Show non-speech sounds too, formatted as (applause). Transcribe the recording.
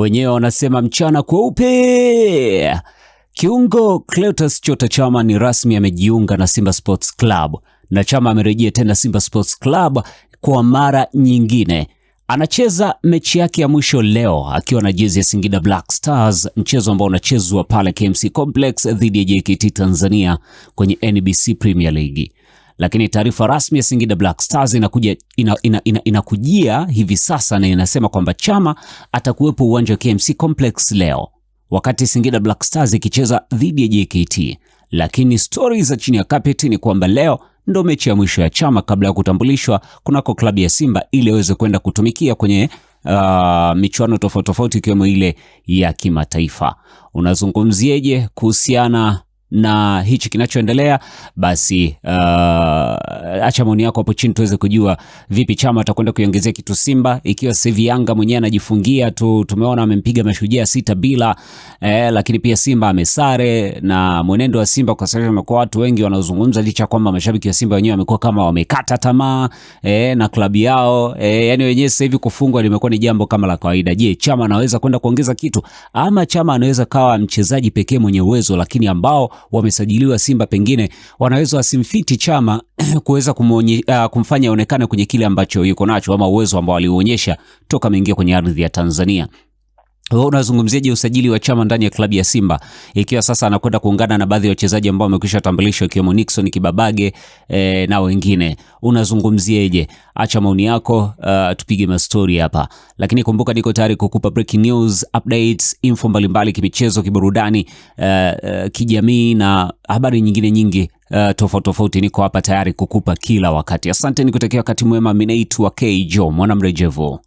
wenyewe wanasema mchana kweupe. Kiungo Clatous Chota Chama ni rasmi amejiunga na Simba Sports Club, na Chama amerejea tena Simba Sports Club kwa mara nyingine. Anacheza mechi yake ya mwisho leo akiwa na jezi ya Singida Black Stars, mchezo ambao unachezwa pale KMC Complex dhidi ya JKT Tanzania kwenye NBC Premier League. Lakini taarifa rasmi ya Singida Black Stars inakuja inakujia ina, ina, ina hivi sasa na inasema kwamba Chama atakuwepo uwanja wa KMC Complex leo wakati Singida Black Stars ikicheza dhidi ya JKT. Lakini stori za chini ya carpet ni kwamba leo ndo mechi ya mwisho ya Chama kabla ya kutambulishwa kunako klabu ya Simba ili aweze kwenda kutumikia kwenye Uh, michuano tofauti tofauti ikiwemo ile ya kimataifa. Unazungumziaje kuhusiana na hichi kinachoendelea basi, uh, acha maoni yako hapo chini tuweze kujua vipi Chama atakwenda kuiongezea kitu Simba, ikiwa sivi Yanga mwenyewe anajifungia tu. Tumeona amempiga Mashujaa sita bila eh, lakini pia Simba amesare na mwenendo wa Simba kwa sasa umekuwa watu wengi wanaozungumza, licha kwamba mashabiki wa Simba wenyewe wamekuwa kama wamekata tamaa eh, na klabu yao eh, yani wenyewe sasa hivi kufungwa limekuwa ni jambo kama la kawaida. Je, Chama anaweza kwenda kuongeza kitu ama Chama anaweza kawa mchezaji pekee mwenye uwezo lakini ambao wamesajiliwa Simba, pengine wanaweza wasimfiti Chama (clears throat) kuweza ah, kumfanya aonekane kwenye kile ambacho yuko nacho ama uwezo ambao alionyesha toka ameingia kwenye ardhi ya Tanzania wewe unazungumziaje usajili wa Chama ndani ya klabu ya Simba ikiwa sasa anakwenda kuungana na baadhi ya wachezaji ambao wamekwisha tambulishwa ikiwemo Nixon Kibabage e, na wengine unazungumziaje? Acha maoni yako, uh, tupige mastori hapa, lakini kumbuka niko tayari kukupa breaking news, updates, info mbalimbali kimichezo, kiburudani, uh, uh, kijamii na habari nyingine nyingi uh, tofauti tofauti. Niko hapa tayari kukupa kila wakati. Asante, nikutakia wakati mwema. Mimi naitwa KJ Mwanamrejevo.